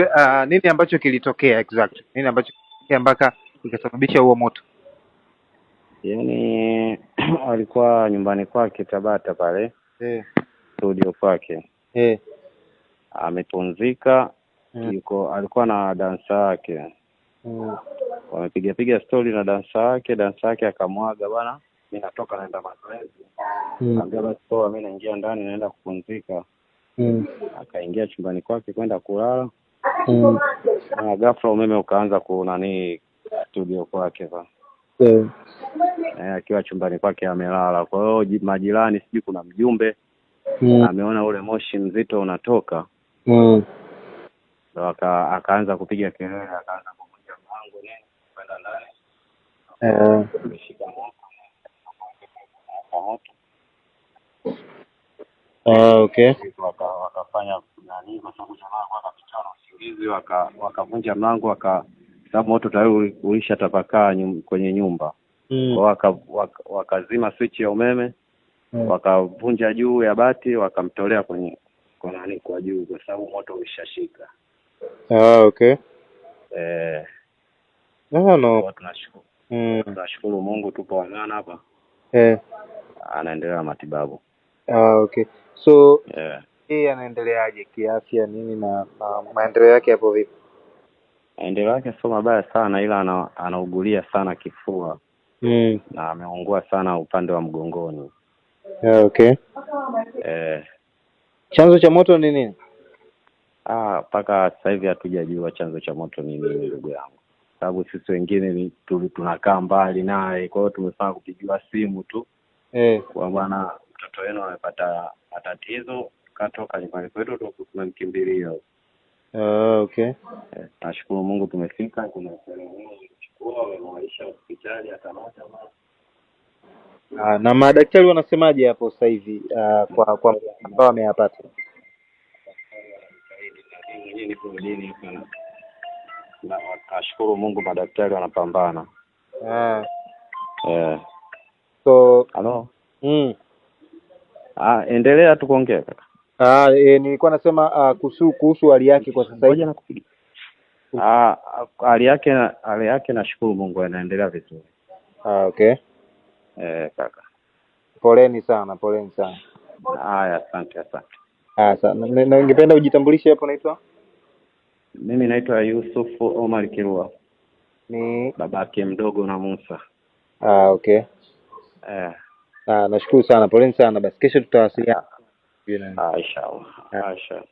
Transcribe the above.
uh, nini ambacho kilitokea exact, nini ambacho kilitokea mpaka ikasababisha huo moto? Yani alikuwa nyumbani kwake Tabata pale eh, studio kwake eh, amepumzika hmm. Yuko alikuwa na dansa yake hmm. Wamepiga piga stori na dansa yake, dansa yake akamwaga bana, mimi natoka naenda mazoezi hmm. basi poa, mimi naingia ndani naenda kupumzika hmm. Akaingia chumbani kwake kwenda kulala mm. Uh, ghafla umeme ukaanza kunani studio kwake sasa yeah. Eh, akiwa chumbani kwake amelala. Kwa hiyo majirani, sijui kuna mjumbe mm. ameona ule moshi mzito unatoka mm. so, akaanza kupiga kelele, akaanza kuvunja mlango kwenda ndani Uh, moto moto ah, okay, wakafanya nani kwa sababu wakavamizi wakavunja mlango waka sababu moto tayari ulishatapakaa nyum, kwenye nyumba mm. Kwa waka, waka, wakazima swichi ya umeme mm. Wakavunja juu ya bati wakamtolea kwenye kwa nani kwa juu, kwa sababu moto ulishashika. Ah, okay eh, no, no. Tunashukuru mm. Tunashukuru Mungu tupo wangana hapa eh, anaendelea matibabu. Ah, okay so yeah yake anaendeleaje kiafya nini na, maendeleo yake yapo vipi? Maendeleo yake sio mabaya sana, ila ana, anaugulia sana kifua mm. na ameungua sana upande wa mgongoni. Ah, okay. Eh, chanzo cha moto ni nini? Ah, mpaka ah, sasa hivi hatujajua chanzo cha moto ni nini, ndugu yangu, sababu sisi wengine tunakaa mbali naye, kwa hiyo tumefaa kupigiwa simu tu eh, kwa bwana mtoto wenu amepata matatizo tukatoka nyumbani kwetu tu tumemkimbilia. Uh, okay. Eh, nashukuru Mungu tumefika, kuna kuchukua wamemaisha hospitali hata moja Ah, na madaktari wanasemaje hapo sasa hivi uh, kwa kwa ambao wameyapata? Na nashukuru Mungu madaktari wanapambana. Ah. Eh. So, hello. Mm. Ah, endelea tukuongea kaka. Ah, e, nilikuwa nasema ah, kusu, kuhusu hali yake kwa sasa hivi. Ah, hali yake hali yake nashukuru Mungu anaendelea vizuri. Ah, okay. Eh, kaka. Poleni sana, poleni sana. Haya, asante, asante. Ah, sana. Na ningependa ujitambulishe hapo naitwa? Mimi naitwa Yusuf Omar Kirua. Ni babake mdogo na Musa. Ah, okay. Eh. Ah, nashukuru sana. Poleni sana. Basi kesho tutawasiliana. I shall. I shall.